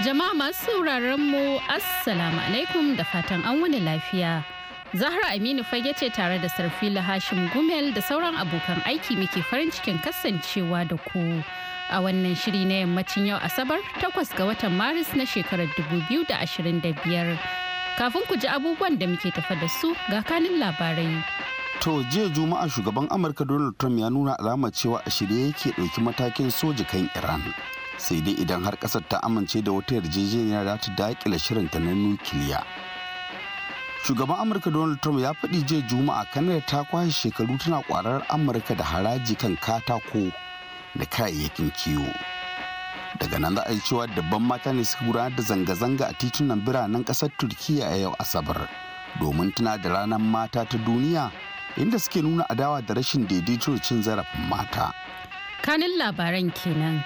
Jama'a masu sauraron mu Assalamu alaikum da fatan an wani lafiya. Zahra Aminu fage ce tare da Sarfila Hashim Gumel da sauran abokan aiki muke farin cikin kasancewa da ku. A wannan shiri na yammacin yau Asabar takwas ga watan Maris na shekarar 2025. Kafin ku ji abubuwan da muke tafa da su ga kanin labarai. To jiya Juma'a shugaban Amurka Donald Trump ya nuna alamar cewa a shirye yake ɗauki matakin soja kan Iran. sai dai idan har kasar ta amince da wata yarjejeniya za ta daƙile shirinta na nukiliya shugaban amurka donald trump ya faɗi jiya juma'a kanada ta kwashe shekaru tana kwarar amurka da haraji kan katako da kayayyakin kiwo daga nan za a yi cewa dabban mata ne suka gudanar da zanga-zanga a titunan biranen ƙasar turkiya a yau asabar domin tuna da ranar mata ta duniya inda suke nuna adawa da rashin daidaito cin zarafin mata kanin labaran kenan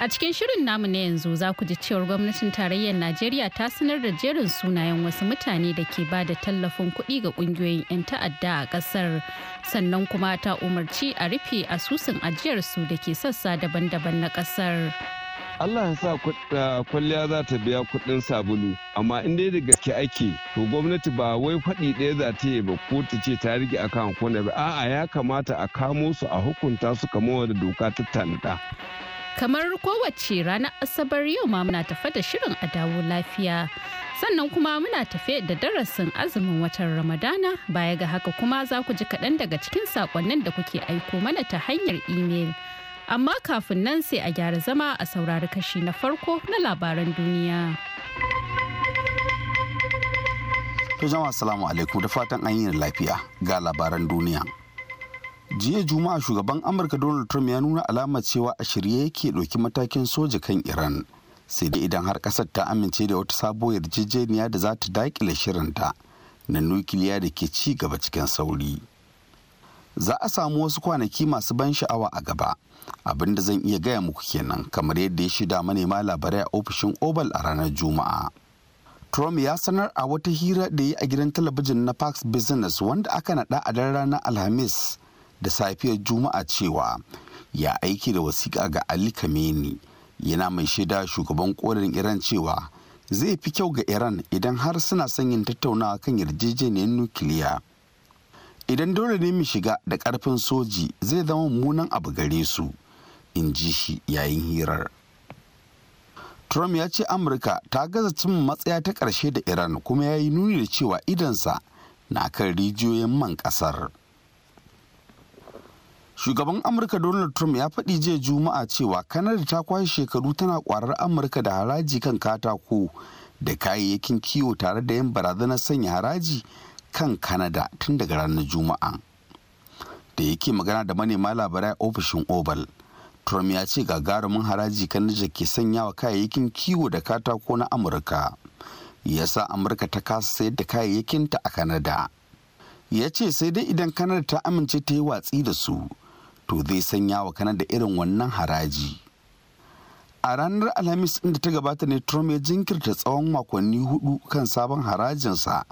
A cikin shirin namu na yanzu za ku ji cewar gwamnatin tarayyar Najeriya ta sanar da jerin sunayen wasu mutane da ke ba da tallafin kuɗi ga ƙungiyoyin 'yan ta'adda a ƙasar sannan kuma ta umarci a rufe asusun ajiyarsu da ke sassa daban-daban na ƙasar. Allah ya sa kwalliya za ta biya kuɗin sabulu amma in dai da gaske ake to gwamnati ba wai faɗi ɗaya za ta yi ba ko ta ce ta rike akan kone ba a'a ya kamata a kamo su a hukunta su kamar da doka ta tanada. Kamar kowace ranar Asabar yau ma muna tafe da shirin a dawo lafiya. Sannan kuma muna tafe da darasin azumin watan Ramadana baya ga haka kuma za ku ji kaɗan daga cikin saƙonnin da kuke aiko mana ta hanyar imel. Amma kafin nan sai a gyara zama a saurari kashi na farko na labaran duniya. To zama assalamu alaikum da fatan an yi lafiya ga labaran duniya. jiya juma'a shugaban amurka donald trump ya nuna alamar cewa a shirye yake ɗauki matakin soja kan iran sai dai idan har ƙasar ta amince da wata sabuwar yarjejeniya da za ta daƙile shirinta na nukiliya da ke ci gaba cikin sauri za a samu wasu kwanaki masu ban sha'awa a gaba abin da zan iya gaya muku kenan kamar yadda ya shida manema labarai a ofishin obal a ranar juma'a trump ya sanar a wata hira da yi a gidan talabijin na fox business wanda aka naɗa a daren ranar alhamis da safiyar juma'a cewa ya aiki da wasiƙa ga ali kameni yana mai shaida shugaban ƙorin iran cewa zai fi kyau ga iran idan har suna son yin tattaunawa kan yarjejeniyar nukiliya idan dole ne mu shiga da ƙarfin soji zai zama mummunan abu gare su in ji shi yayin hirar trump ya ce amurka ta gaza cin matsaya ta ƙarshe da iran kuma ya yi nuni da cewa idansa na kan rijiyoyin man ƙasar. shugaban amurka donald trump ya faɗi jiya juma'a cewa kanada ta kwashe shekaru tana kwarar amurka da haraji kan katako da kayayyakin kiwo tare da yin barazanar sanya haraji kan kanada tun daga ranar juma'a da yake magana da manema labarai ofishin oval trump ya ce gagarumin haraji kan nijar ke sanya wa kayayyakin kiwo da katako na amurka ya sa amurka ta kasa sayar da kayayyakinta a kanada ya ce sai dai idan kanada ta amince ta yi watsi da su to zai sanya wa kanada irin wannan haraji a ranar alhamis inda ta gabata ne trump ya jinkirta tsawon makonni hudu kan sabon harajinsa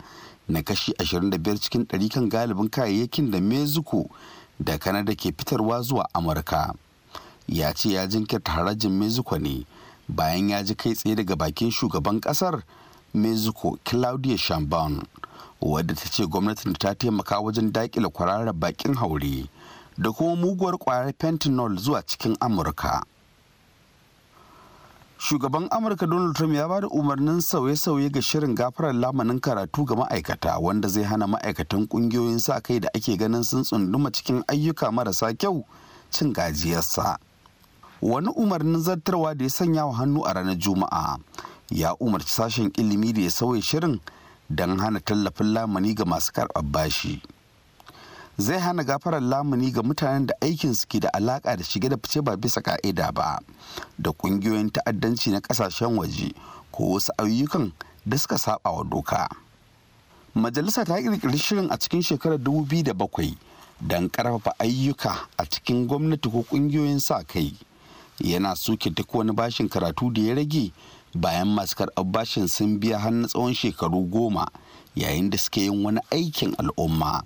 na kashi 25 cikin 100 kan galibin kayayyakin da mexico da kanada ke fitarwa zuwa amurka ya ce ya jinkirta harajin mexico ne bayan ya ji kai tsaye daga bakin shugaban kasar mexico claudia sheinbaum wadda ta ce gwamnatin ta taimaka wajen dakile kwararar bakin haure da kuma muguwar kwayar fentanyl zuwa cikin amurka shugaban amurka donald trump ya ba da umarnin sauye-sauye ga shirin gafarar lamanin karatu ga ma'aikata wanda zai hana ma'aikatan kungiyoyin sa kai da ake ganin sun tsunduma cikin ayyuka marasa kyau cin gajiyarsa wani umarnin zartarwa da ya sanya wa hannu a ranar juma'a ya umarci sashen ilimi da ya sauya shirin don hana tallafin lamani ga masu karɓar bashi. zai hana gafarar lamuni ga mutanen da aikin suke da alaka da shige da fice ba bisa ka'ida ba da kungiyoyin ta'addanci na kasashen waje ko wasu ayyukan da suka saba wa doka majalisa ta kirkiri shirin a cikin shekarar dubu biyu da bakwai don karfafa ayyuka a cikin gwamnati ko kungiyoyin sa kai yana suke duk wani bashin karatu da ya rage bayan masu karɓar bashin sun biya har na tsawon shekaru goma yayin da suke yin wani aikin al'umma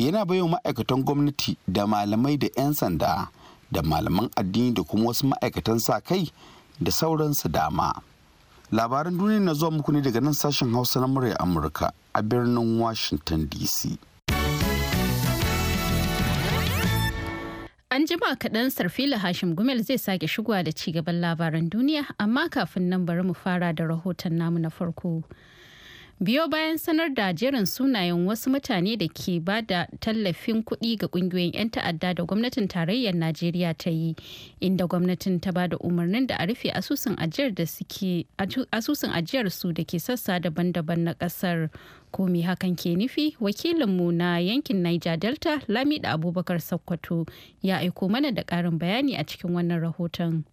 yana baiwa ma'aikatan gwamnati da malamai da 'yan sanda da malaman addini da kuma wasu ma'aikatan sa kai da sauransu dama labaran duniya na zuwa muku ne daga nan sashen hausa na murya amurka a birnin washington dc An jima kaɗan sarfila Hashim Gumel zai sake shigowa da ci gaban labaran duniya amma kafin nan bari mu fara da rahoton namu na farko. biyo bayan sanar da jerin sunayen wasu mutane da ke ba da tallafin kuɗi ga ƙungiyoyin 'yan ta'adda da gwamnatin tarayyar najeriya ta yi inda gwamnatin ta ba da umarnin da a rufe asusun ajiyar su da ke sassa daban-daban na ƙasar komi hakan ke nufi wakilinmu na yankin niger delta lamida abubakar sokoto ya aiko mana da ƙarin bayani a cikin wannan rahoton.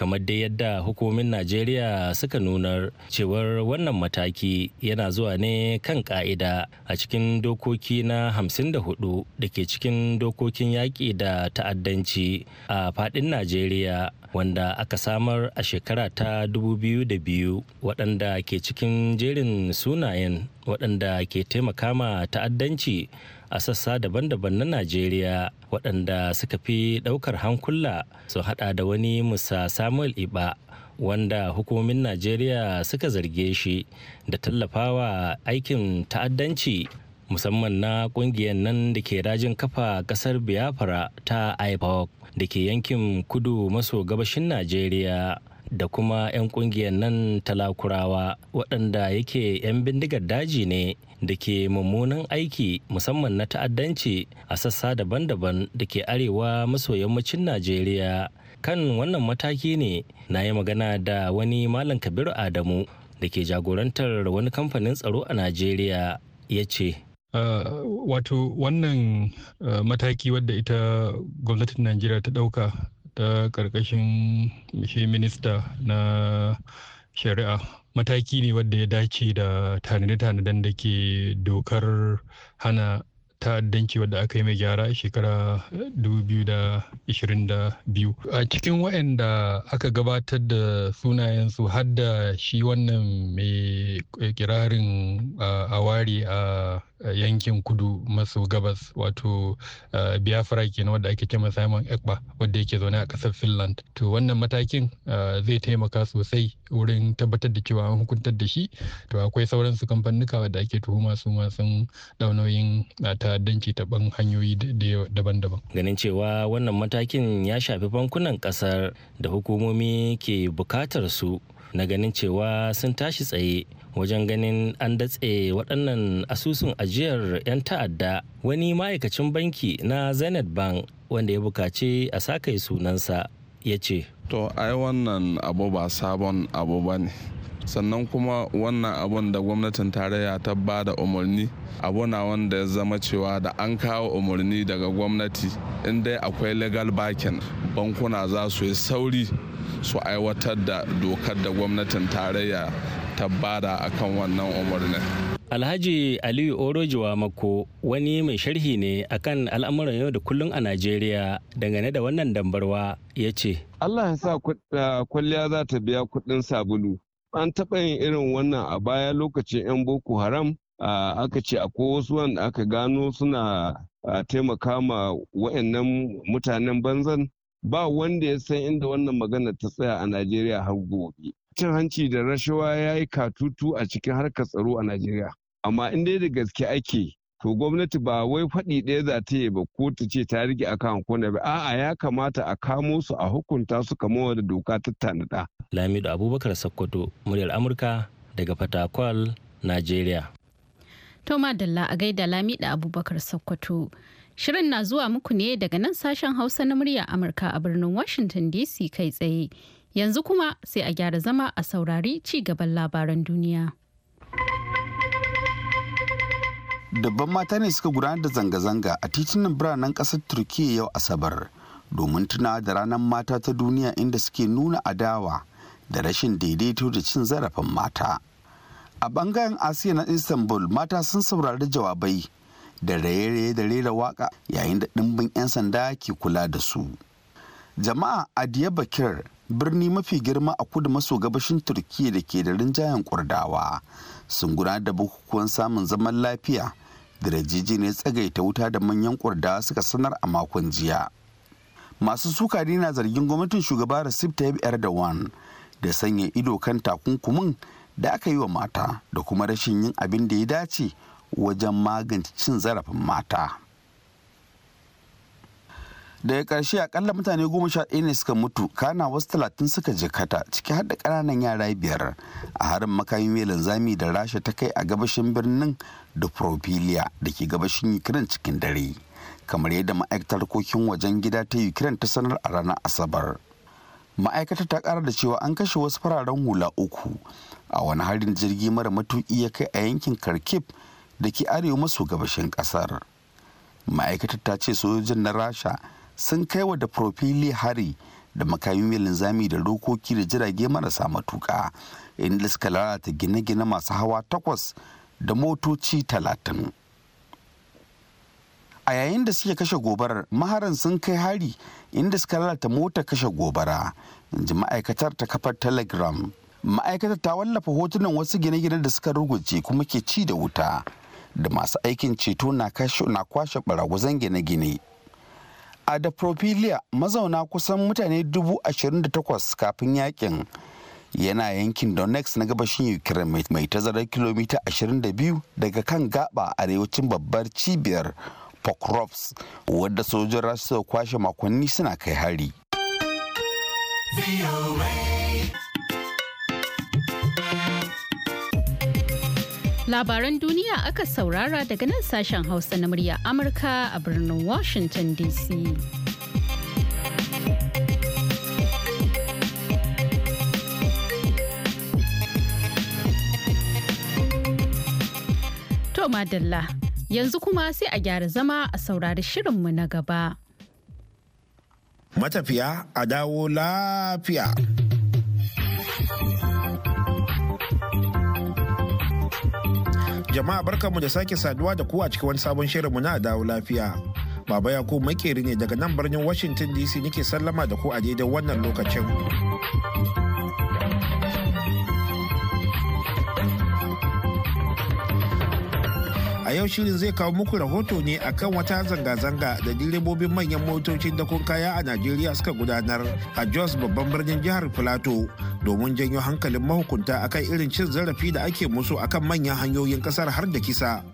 kamar dai yadda hukumomin najeriya suka nuna cewar wannan mataki yana zuwa ne kan ka'ida a cikin dokoki na hamsin da ke cikin dokokin yaƙi da ta'addanci a faɗin najeriya wanda aka samar a shekara ta 2002 waɗanda ke cikin jerin sunayen waɗanda ke taimaka ma ta'addanci a sassa daban-daban na Najeriya waɗanda suka fi ɗaukar hankula su haɗa da wani Musa Samuel Iba wanda hukumomin Najeriya suka zarge shi da tallafawa aikin ta'addanci musamman na ƙungiyar nan da ke rajin kafa ƙasar biafra ta ipoc da ke yankin kudu maso gabashin najeriya da kuma 'yan kungiyar nan talakurawa waɗanda yake 'yan bindigar daji ne da ke mummunan aiki musamman na ta'addanci a sassa daban-daban da ke arewa maso yammacin najeriya kan wannan mataki ne na yi magana da wani malam kabiru adamu da ke jagorantar wani kamfanin tsaro a najeriya ya ce Uh, wato wannan uh, mataki wadda ita gwamnatin najeriya ta ɗauka ta ƙarƙashin shi minista na shari'a mataki ne wadda ya dace da tanade-tanaden da ke dokar hana ta'addanci wadda aka yi mai gyara shekara 2022 a cikin waɗanda aka gabatar da sunayensu har da shi wannan mai kirarin awari a yankin kudu maso gabas wato biafra kenan wadda ake cewa simon ekpa wadda yake zaune a ƙasar finland to wannan matakin zai taimaka sosai wurin tabbatar da cewa an hukuntar da shi to akwai sauransu kamfanuka wadda ake tuhuma su masu daunoyin ta danci ta ban hanyoyi daban-daban. Ganin cewa wannan matakin ya shafi bankunan kasar da hukumomi ke bukatar su na ganin cewa sun tashi tsaye wajen ganin an datse waɗannan asusun ajiyar 'yan ta'adda wani ma'aikacin banki na zenith bank wanda ya bukaci a sakai sunansa ya ce to ai wannan abu ba sabon abu ba ne sannan kuma wannan abun da gwamnatin tarayya ta ba da umarni abu na wanda ya zama cewa da an kawo umarni daga gwamnati inda akwai legal bakin bankuna za su yi sauri su aiwatar da dokar da gwamnatin tarayya ta bada akan wannan umarnin Alhaji Aliyu Orojiwa Mako wani mai sharhi ne akan al'amuran yau da kullum a Najeriya dangane da wannan dambarwa ya ce. Allah ya sa eh, kwalliya za ta biya kuɗin sabulu. an taɓa yin irin wannan a baya lokacin 'yan boko haram aka ce akwai wasu wanda aka gano suna taimaka ma wa'annan mutanen banzan ba wanda ya san inda wannan magana ta tsaya a najeriya har gobe cin hanci da rashawa ya yi katutu a cikin harkar tsaro a najeriya amma inda dai da gaske ake to gwamnati ba wai faɗi ɗaya za ta yi ba ko ta ce ta rike akan kone ba a'a ya kamata a kamo su a hukunta su kamar da doka ta tanada lamido abubakar sakkwato muryar amurka daga fatakwal nigeria to madalla a gaida lamido abubakar sakkwato shirin na zuwa muku ne daga nan sashen hausa na muryar amurka a birnin washington dc kai tsaye yanzu kuma sai a gyara zama a saurari ci gaban labaran duniya. dabban mata ne suka gudanar da zanga-zanga a titunan biranen ƙasar turkiyya yau asabar domin tunawa da ranar mata ta duniya inda suke nuna adawa da rashin daidaito da cin zarafin mata a bangaren asiya na istanbul mata sun saurari jawabai da raye-raye da rera waka yayin da ɗimbin 'yan sanda ke kula da su jama'a adiya bakir birni mafi girma a kudu maso gabashin turkiyya da ke da rinjayen kurdawa sun gudanar da bukukuwan samun zaman lafiya da ne tsagaita wuta da manyan kurdawa suka sanar a makon jiya masu suka na zargin gwamnatin shugaba recep tayyip erdogan da sanya ido kan takunkumin da aka yi wa mata da kuma rashin yin abin da ya dace wajen magance cin zarafin mata. daga ƙarshe akalla mutane goma sha ɗaya ne suka mutu kana wasu talatin suka jikata ciki har da ƙananan yara biyar a harin makamin mai linzami da rasha ta kai a gabashin birnin da profilia da ke gabashin ukraine cikin dare kamar yadda ma'aikatar harkokin wajen gida ta ukraine ta sanar a ranar asabar ma'aikatar ta ƙara da cewa an kashe wasu fararen hula uku a wani harin jirgi mara matuki ya kai a yankin kharkiv da ke arewa maso gabashin ƙasar ma'aikatar ta ce sojojin na rasha sun kai wa da profili hari da makayin linzami da dokoki da jirage marasa matuka inda suka lalata gine-gine masu hawa takwas da motoci talatin a yayin da suke kashe gobarar maharan sun kai hari inda suka lalata mota kashe gobara ji ma'aikatar ta kafar telegram ma'aikatar ta wallafa hotunan wasu gine-gine da suka ruguje kuma ke ci da wuta da masu aikin ceto na kwashe baragwazon gine-gine a profilia mazauna kusan mutane 28,000 kafin yakin yana yankin donex na gabashin ukraine mai tazarar kilomita 22 daga kan gaba arewacin babbar cibiyar pokrovs wadda sojin rasu kwashe makonni suna kai hari. Labaran duniya aka saurara daga nan sashen Hausa na murya Amurka a birnin Washington DC. To madalla, yanzu kuma sai a gyara zama a saurari shirinmu na gaba. Matafiya a dawo lafiya. Jama'a barkanmu da sake saduwa da ku a cikin wani sabon shirinmu na dawo lafiya. Baba Yakubu makeri ne daga nan birnin Washington DC nake sallama da ku a daidai wannan lokacin. a yau shirin zai kawo muku rahoto ne akan wata zanga-zanga da direbobin manyan motocin dakon kaya a najeriya suka gudanar a jos babban birnin jihar plateau domin janyo hankalin mahukunta a akan irin cin zarafi da ake musu akan manyan hanyoyin kasar har da kisa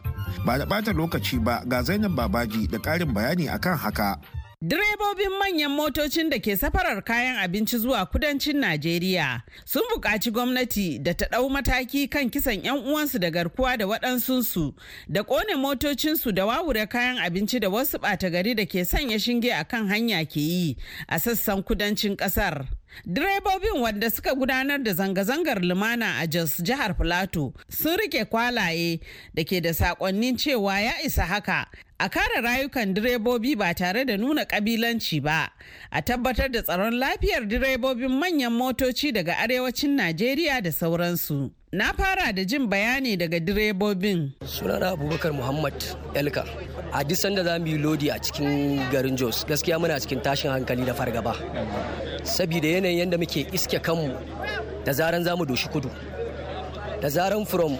ba da ɓata lokaci ba ga zainab babaji da ƙarin bayani akan haka Direbobin manyan motocin da ke safarar kayan abinci zuwa kudancin Najeriya sun buƙaci gwamnati da ta ɗau mataki kan kisan 'yan uwansu da garkuwa da waɗansunsu da ƙone motocinsu da wawure kayan abinci da wasu ɓata gari da ke sanya shinge a kan hanya ke yi a sassan kudancin ƙasar. Direbobin wanda suka gudanar da zanga-zangar lumana a Jos jihar Filato sun rike kwalaye da ke da sakonnin cewa ya isa haka a kare rayukan direbobi ba tare da nuna kabilanci ba a tabbatar da tsaron lafiyar direbobin manyan motoci daga arewacin Najeriya da sauransu. Na fara da jin bayani daga direbobin. sunan Abubakar Muhammad Elka. A duk sanda za mu yi lodi a cikin garin Jos, gaskiya muna cikin tashin hankali da fargaba. Saboda yanayin yadda muke iske kanmu da zaran za mu doshi kudu. Da zaran from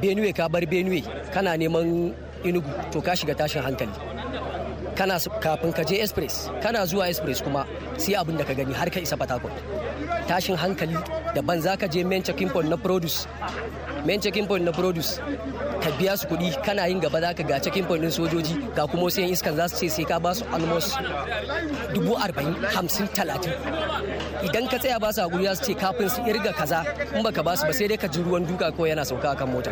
Benue ka bar Benue kana neman Inugu to ka shiga tashin hankali. Kana kafin ka je express, kana zuwa express kuma sai abin da ka gani har ka isa Fatakwal. tashin hankali daban za ka je main checking point na produce main checking na produce ka biya su kuɗi kana yin gaba za ka ga checking point din sojoji ga kuma wasu yan iskan za su ce sai ka ba su almost dubu arba'in hamsin talatin idan ka tsaya ba su hakuri za su ce kafin su irga kaza in baka ba su ba sai dai ka ji ruwan duka ko yana sauka kan mota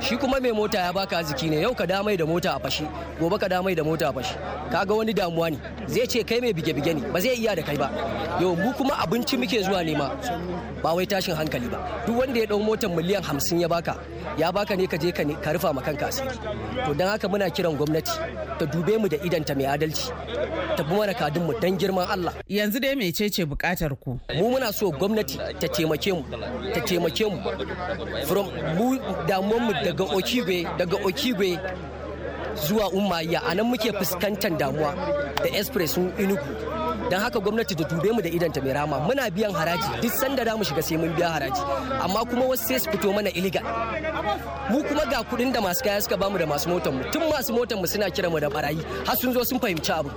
shi kuma mai mota ya baka arziki ne yau ka damai da mota a fashi gobe ka damai da mota a fashi kaga wani damuwa ne zai ce kai mai bige-bige ne ba zai iya da kai ba yau mu kuma abinci muke zuwa nema ba wai tashin hankali ba duk wanda ya dau motar miliyan hamsin ya baka ya baka ne ka je ka rufa ma kanka asiri to don haka muna kiran gwamnati ta dube mu da idanta mai adalci ta bi mana kadin mu dan girman Allah yanzu dai mecece bukatar ku mu muna so gwamnati ta taimake mu ta taimake mu from mu damuwar mu daga okigwe daga okigwe zuwa umayya a nan muke fuskantar damuwa da express inuku don haka gwamnati ta dube mu da idanta mai rama muna biyan haraji duk sanda da mu shiga sai mun biya haraji amma kuma wasu sai su fito mana illegal mu kuma ga kudin da masu kaya suka bamu da masu motar mu tun masu motar mu suna kira mu da barayi har sun zo sun fahimci abu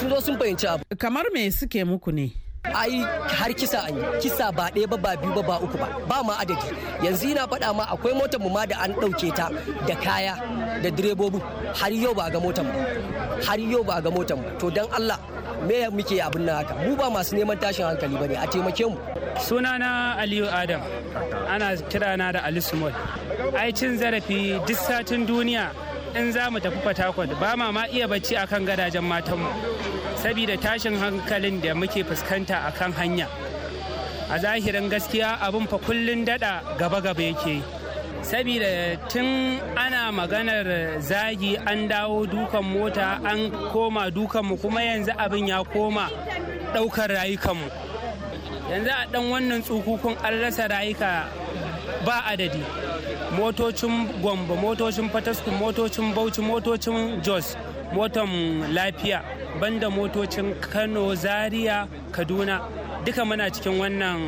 sun zo sun fahimci abu kamar me suke muku ne ai har kisa an yi kisa ba ɗaya ba ba biyu ba ba uku ba ba ma adadi yanzu ina faɗa ma akwai motar mu ma da an ɗauke ta da kaya da direbobi, har yau ba ga motar ba har yau ba ga motar ba to dan Allah me muke abin nan haka mu ba masu neman tashin hankali bane a taimake mu sunana Aliyu Adam ana kirana da Ali Sumol ai cin zarafi duk satin duniya in za mu tafi fatakwal ba ma ma iya bacci akan gadajen matanmu saboda tashin hankalin da muke fuskanta a kan hanya a zahirin gaskiya abin fa kullun dada gaba-gaba yake saboda tun ana maganar zagi an dawo dukan mota an koma dukanmu kuma yanzu abin ya koma daukar rayukanmu yanzu a dan wannan tsukukun an rasa rayuka ba adadi motocin gombe motocin fataskun motocin bauchi motocin jos motan lafiya banda motocin kano zaria kaduna duka muna cikin wannan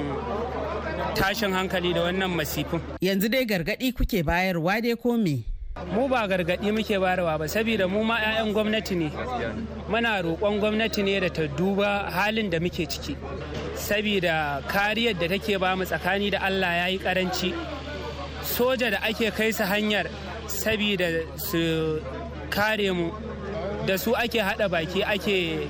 tashin hankali da wannan masifin yanzu dai gargadi kuke bayarwa dai ko me mu ba gargadi muke bayarwa ba saboda mu ma 'ya'yan gwamnati ne muna roƙon gwamnati ne da ta duba halin da muke ciki saboda kariyar da take ba mu tsakani da allah ya yi karanci soja da ake kai su hanyar sabida su kare mu da su ake hada baki ake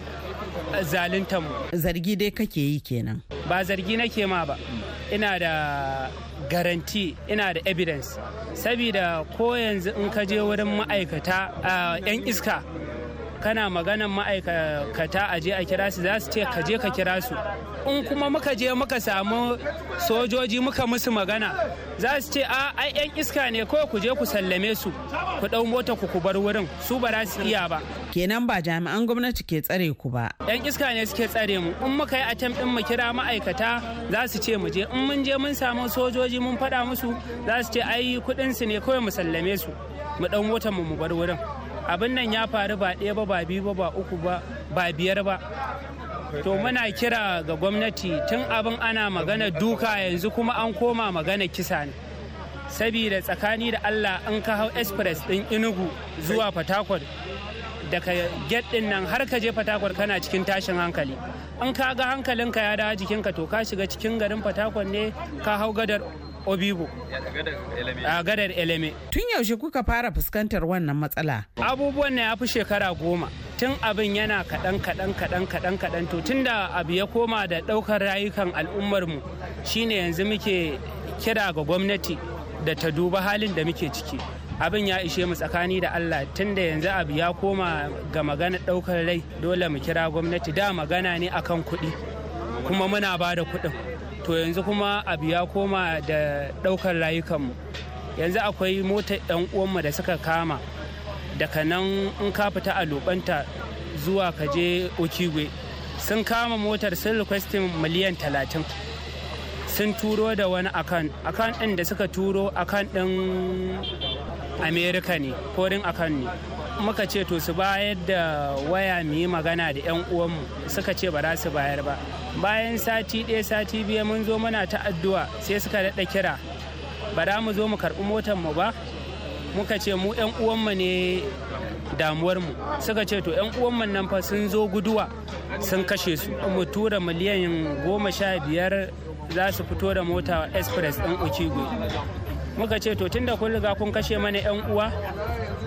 zalunta mu zargi dai kake yi kenan ba zargi nake ma ba ina da garanti ina da evidence sabida ko yanzu in ka je wurin ma'aikata yan iska kana maganan ma'aikata a je a kira su za su ce ka je ka kira su in kuma muka je muka samu sojoji muka musu magana za su ce a ai yan iska ne ko ku je ku sallame su ku dau mota ku ku bar wurin su ba za su iya ba kenan ba jami'an gwamnati ke tsare ku ba yan iska ne suke tsare mu in muka yi atam din mu kira ma'aikata za su ce mu je in mun je mun samu sojoji mun faɗa musu za su ce ai kuɗin su ne kawai mu sallame su mu dau motar mu mu bar wurin abin nan ya faru ba ɗaya ba ba biyu ba ba uku ba ba biyar ba to muna kira ga gwamnati tun abin ana magana duka yanzu kuma an koma magana kisa ne sabida tsakani da allah an ka hau express din inugu zuwa fatakwal daga get din nan har ka je fatakwal kana cikin tashin hankali an ka ga hankalinka ya dawo jikinka to ka shiga cikin garin fatakwal ne ka hau gadar obibo a gadar eleme tun yaushe kuka fara fuskantar wannan matsala abubuwan na ya fi shekara goma tun abin yana kaɗan kaɗan kaɗan kaɗan kaɗan to tun da abu ya koma da ɗaukar rayukan al'ummarmu shine yanzu muke kira ga gwamnati da ta duba halin da muke ciki abin ya ishe mu tsakani da Allah tun da yanzu abu ya koma ga magana ɗaukar rai dole mu kira gwamnati da magana ne akan kuɗi kuma muna ba da kuɗin to yanzu kuma abu ya koma da ɗaukar rayukanmu yanzu akwai motar 'yan uwanmu da suka kama daga nan in ka fita a lobanta zuwa kaje je okigwe sun kama motar sun requestin miliyan talatin sun turo da wani akan akan ɗin da suka turo akan ɗin america ne korin akan ne muka ce to su bayar da waya mu yi magana da 'yan uwanmu suka ce ba za su bayar ba bayan sati ɗaya sati biyu mun zo muna ta addu'a sai suka daɗa kira ba za mu zo mu karɓi motar mu ba muka ce mu 'yan uwanmu ne damuwarmu suka ce to 'yan uwanmu nan fa sun zo guduwa sun kashe su mu tura miliyan goma sha biyar za su fito da mota express ɗin okigwe muka ce to tunda kun riga kun kashe mana 'yan uwa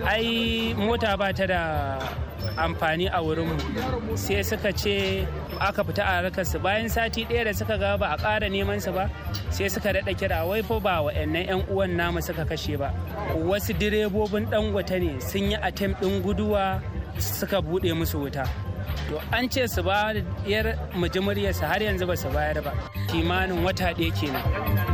ai mota ba ta da amfani a wurinmu sai suka ce aka fita a harkarsu bayan sati ɗaya da suka ga ba a ƙara neman su ba sai suka daɗa kira wai fa ba wa wa'annan 'yan uwan namu suka kashe ba wasu direbobin dangote ne sun yi atem ɗin guduwa suka buɗe musu wuta to an ce su ba yar mujimuryarsa har yanzu ba su bayar ba kimanin wata ɗaya kenan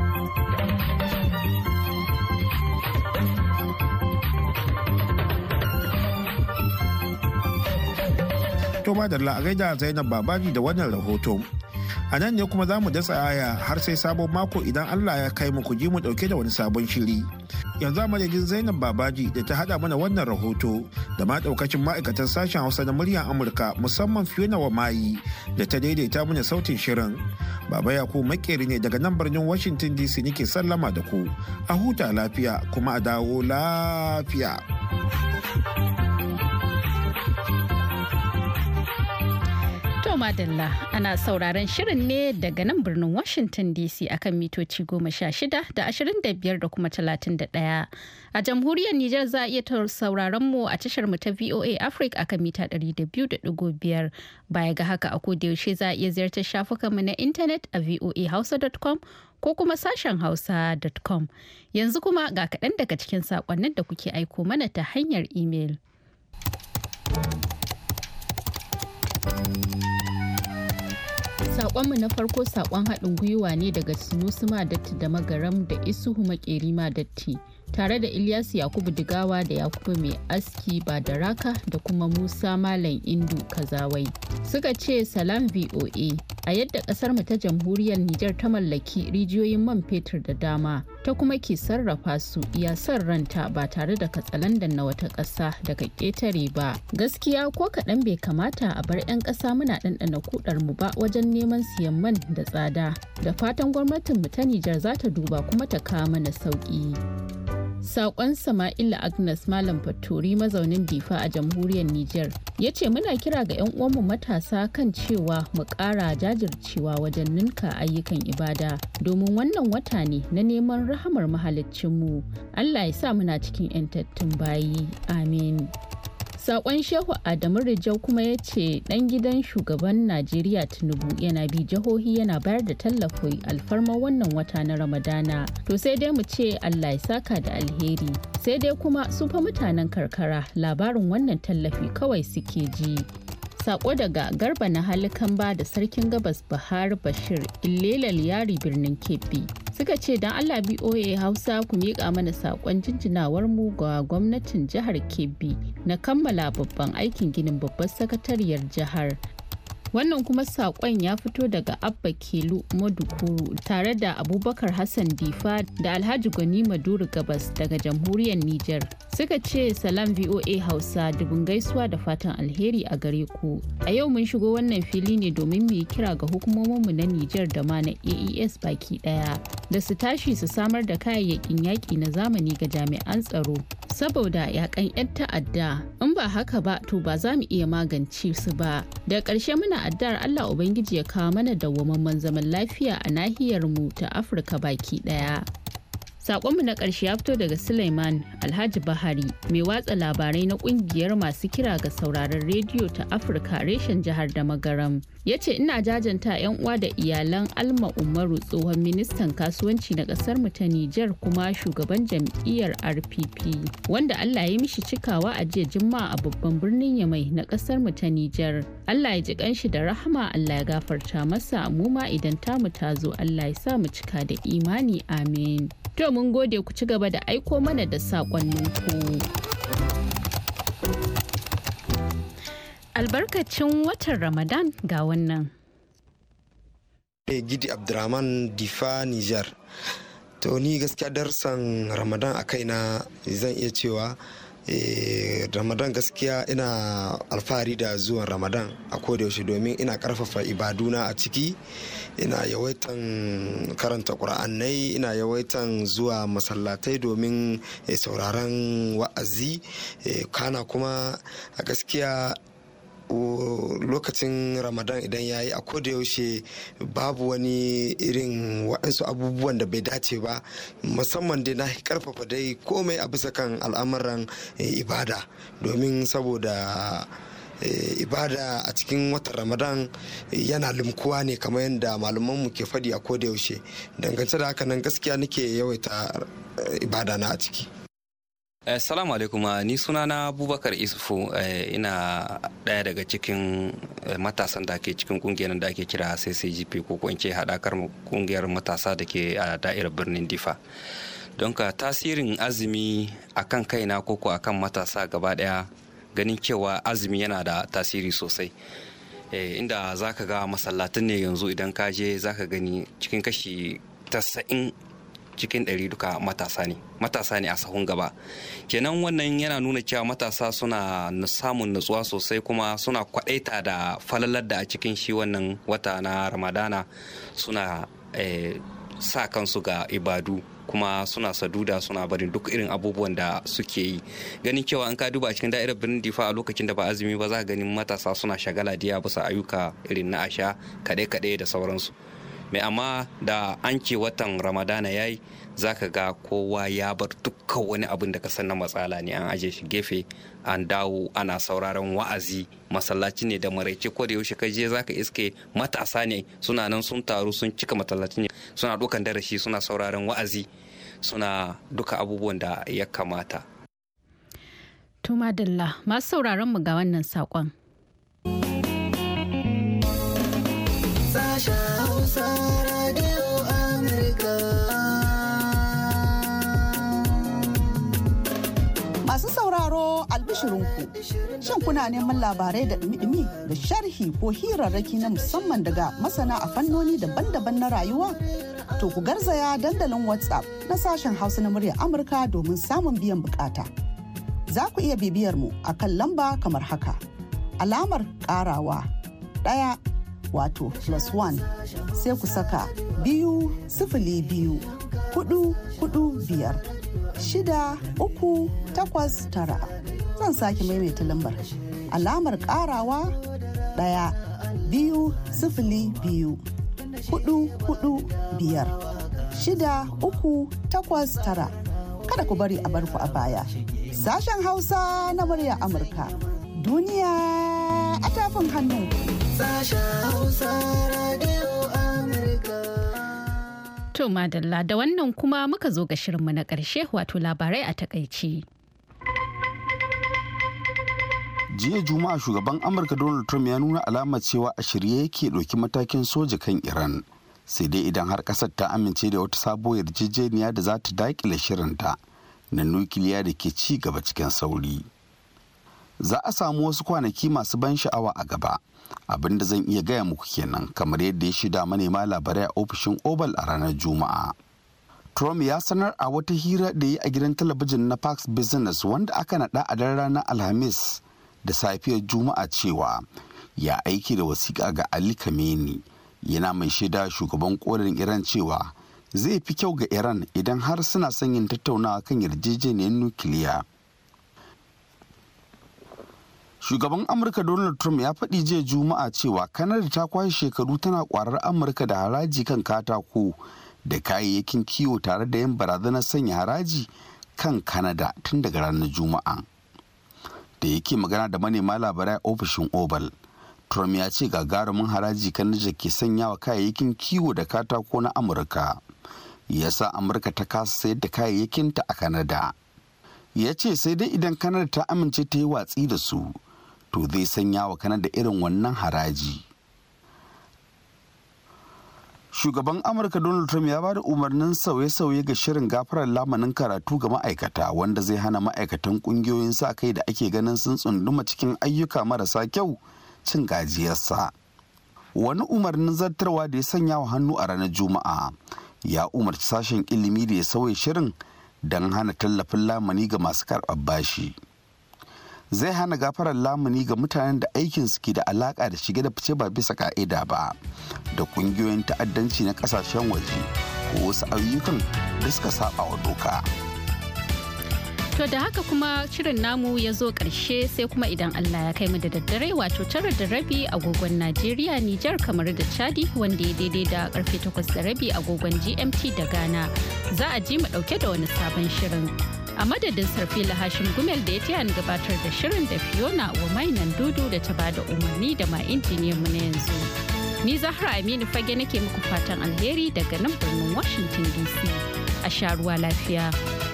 To da a gaida Zainab Babaji da wannan rahoto. A nan ne kuma za mu dasa aya har sai sabon mako idan Allah ya kai mu ku ji mu dauke da wani sabon shiri. Yanzu a Zainab Babaji da ta hada mana wannan rahoto da ma daukacin ma'aikatan sashen Hausa na muryar Amurka musamman Fiona wa Mayi da ta daidaita mana sautin shirin. Baba ku makeri ne daga nan birnin Washington DC nake sallama da ku. A huta lafiya kuma a dawo lafiya. madalla ana sauraron shirin ne daga nan birnin Washington DC akan mitoci goma sha shida da ashirin da biyar da kuma talatin da ɗaya. A jamhuriyar Nijar za a iya sauraron mu a tashar mu ta VOA Africa akan mita ɗari da biyu da ɗigo biyar. Baya ga haka a koda yaushe za a iya ziyartar shafukan mu na intanet a voahausa.com ko kuma sashen hausa.com. Yanzu kuma ga kaɗan daga cikin saƙonnin da kuke aiko mana ta hanyar imel. Sakonmu na farko sakon haɗin gwiwa ne daga Sunusuma Datti da Magaram da Isuhu Makeri Datti. tare da Ilyasu Yakubu Digawa da Yakubu Mai Aski ba da raka da kuma Musa Malam Indu Kazawai. Suka ce salam VOA a yadda kasar mu ta jamhuriyar Nijar ta mallaki rijiyoyin man fetur da dama ta kuma ke sarrafa su iya son ranta ba tare da katsalandan na wata ƙasa daga ƙetare ba. Gaskiya ko kaɗan bai kamata a bar 'yan ƙasa muna ɗanɗana kuɗar mu ba wajen neman siyan man da tsada. Da fatan gwamnatin mu ta Nijar za ta duba kuma ta kawo mana sauƙi. Sakon Sama'ila Agnes Malam Fattori, mazaunin Difa a jamhuriyar Nijar ya ce muna kira ga 'yan uwanmu matasa kan cewa mu ƙara jajircewa wajen ninka ayyukan ibada domin wannan wata ne na neman rahamar mahalicinmu. Allah ya sa muna cikin 'yantattun bayi. Amin. Sakon Shehu Adamu Rijau kuma ya ce ɗan gidan shugaban Najeriya Tinubu yana bi jihohi yana bayar da tallafi alfarma wannan wata na Ramadana. To sai dai mu ce Allah ya saka da alheri. Sai dai kuma su fa mutanen karkara labarin wannan tallafi kawai suke ji. Sako daga Garba na halikan ba da Sarkin Gabas bahar Bashir Illelal Yari birnin Kebbi. Suka ce don Allah BOA Hausa ku miƙa mana saƙon jinjinawar mu ga gwamnatin jihar Kebbi na kammala babban aikin ginin babbar sakatariyar jihar Wannan kuma saƙon ya fito daga Abba Kelu Madukuru tare da Abubakar Hassan Difa da Alhaji Gwani Maduru Gabas daga Jamhuriyar niger Suka ce salam VOA Hausa dubin gaisuwa da fatan alheri a gare ku. A yau mun shigo wannan fili ne domin mu yi kira ga hukumominmu na niger da ma na AES baki ɗaya da su tashi su samar da kayayyakin yaƙi na zamani ga jami'an tsaro saboda yakan 'yan ta'adda. In ba haka ba to ba za mu iya magance su ba. Da ƙarshe muna muna addu'ar Allah Ubangiji ya kawo mana dawwamamman zaman lafiya a nahiyar mu ta Afirka baki daya. Sakonmu na ƙarshe ya fito daga Suleiman Alhaji Bahari mai watsa labarai na ƙungiyar masu kira ga sauraron rediyo ta Afirka reshen jihar da magaram. Ya ce ina jajanta 'yan uwa da iyalan Alma Umaru tsohon ministan kasuwanci na ƙasar mu ta Nijar kuma shugaban jam'iyyar RPP wanda Allah ya mishi cikawa a jiya Juma'a a babban birnin Yamai na ƙasar mu ta Nijar. Allah ya ji kanshi da rahama Allah ya gafarta masa mu ma idan tamu ta zo Allah ya sa mu cika da imani amin. To mun gode ku ci gaba da aiko mana da saƙonninku. Albarkacin watan Ramadan ga wannan. Eh, Gidi Abdurrahman Difa Nijar. To ni gaskiya darsan Ramadan a kaina zan iya cewa Eh, ramadan gaskiya ina alfahari da zuwan ramadan a kodayaushe domin ina karfafa ibaduna a ciki ina yawaitan karanta ƙura'annai ina yawaitan zuwa masallatai domin eh, sauraron wa'azi eh, kana kuma a gaskiya lokacin ramadan idan ya yi a yaushe babu wani irin waɗansu abubuwan da bai dace ba musamman dai na karfafa dai komai a bisa kan al'amuran eh, ibada domin saboda eh, ibada a cikin watan ramadan eh, yana limkuwa ne kamar yadda mu ke faɗi a yaushe dangance da haka nan gaskiya nake yawaita ibada na a ciki Assalamu eh, alaikum ah, ni na Abubakar Isufu eh, ina ɗaya daga cikin eh, matasan da ke cikin kungiyar da ake kira CCGP ko ko ce haɗakar kungiyar matasa da ke a da'irar birnin Difa. Don ka tasirin azumi akan kaina ko ko akan matasa gaba ɗaya ganin cewa azumi yana da tasiri sosai. inda za ka ga masallatin ne yanzu idan ka je za ka gani cikin kashi tasa'in cikin ɗari duka matasa ne matasa ne a sahun gaba kenan wannan yana nuna cewa matasa suna samun nutsuwa sosai kuma suna kwaɗaita da falalar da a cikin shi wannan wata na ramadana suna eh, sa kansu ga ibadu kuma suna saduda suna barin duk irin abubuwan da suke yi ganin cewa an ka duba a cikin da'irar birnin difa a lokacin da ba azumi ba za ganin matasa suna shagala diya bisa ayyuka irin na asha kaɗe-kaɗe da sauransu mai amma da an ce watan ramadana ya yi za ka ga kowa ya bar dukkan wani abin da ka san na matsala ne an aje shi gefe an dawo ana sauraron wa'azi masallaci ne da maraice ko da yaushe ka je ka iske matasa ne suna nan sun taru sun cika matsalaci ne suna dukan darasi suna sauraron wa'azi suna duka abubuwan da ya kamata tumadalla masu sauraron mu ga wannan saƙon. ku shin kuna neman labarai da ɗumi-ɗumi da sharhi ko hirarraki na musamman daga masana a fannoni daban-daban na rayuwa to ku garzaya dandalin whatsapp na sashen hausa na murya amurka domin samun biyan bukata za ku iya bibiyar mu a kan lamba kamar haka alamar karawa ɗaya wato plus one sai ku saka biyu sifili biyu hudu hudu biyar shida uku takwas tara zan sake maimaita lambar alamar karawa ɗaya biyu sifili biyu hudu hudu biyar shida uku takwas tara kada ku bari a barku a baya sashen hausa na murya amurka duniya a tafin hannu To madalla da wannan kuma muka zo ga shirinmu na ƙarshe wato labarai a takaici. jiya juma'a shugaban amurka donald trump ya nuna alamar cewa a shirye yake ɗauki matakin soja kan iran sai dai idan har ƙasar ta amince da wata sabuwar yarjejeniya da za ta daƙile shirinta na nukiliya da ke ci gaba cikin sauri za a samu wasu kwanaki masu ban sha'awa a gaba abin da zan iya gaya muku kenan kamar yadda ya shida manema labarai a ofishin oval a ranar juma'a trump ya sanar a wata hira da yi a gidan talabijin na fox business wanda aka naɗa a daren ranar alhamis da safiyar juma'a cewa ya aiki da wasiƙa ga ali kameni yana mai shaida shugaban korin iran cewa zai fi kyau ga iran idan har suna son yin tattaunawa kan yarjejeniyar nukiliya shugaban amurka donald trump ya faɗi jiya juma'a cewa kanada ta kwashe shekaru tana kwarar amurka da haraji kan katako da kayayyakin kiwo tare da yin barazanar sanya haraji kan kanada tun daga ranar juma'a da yake magana da manema labarai a ofishin oval trump ya ce gagarumin haraji kanada ke sanya wa kayayyakin kiwo da katako na amurka ya sa amurka ta kasa sayar da kayayyakinta a kanada ya ce sai dai idan kanada ta amince ta yi watsi da su to zai sanya wa kanada irin wannan haraji shugaban amurka donald trump ya ba da umarnin sauye-sauye ga shirin gafarar lamanin karatu ga ma'aikata wanda zai hana ma'aikatan kungiyoyin sa kai da ake ganin sun tsunduma cikin ayyuka marasa kyau cin gajiyarsa wani umarnin zartarwa da ya sanya wa hannu a ranar juma'a ya umarci sashen ilimi da ya sauya shirin don hana tallafin lamani ga masu karɓar bashi. zai hana gafarar lamuni ga mutanen da aikin suke da alaka da shige da fice ba bisa ka'ida ba da kungiyoyin ta'addanci na kasashen waje ko wasu ayyukan da suka saba wa doka To da haka kuma shirin namu ya zo karshe sai kuma idan Allah ya kai mu da daddare wato tara da rabi agogon Najeriya Nijar kamar da Chadi wanda ya daidai da karfe takwas da rabi agogon GMT da Ghana za a ji mu dauke da wani sabon shirin. a madadin sarfi lahashin gumel da ya tiyan gabatar da shirin da fiona wa mainan dudu da ta bada umarni da ma mu na yanzu ni zahra aminu fage nake muku fatan alheri daga nan birnin washington dc a sha ruwa lafiya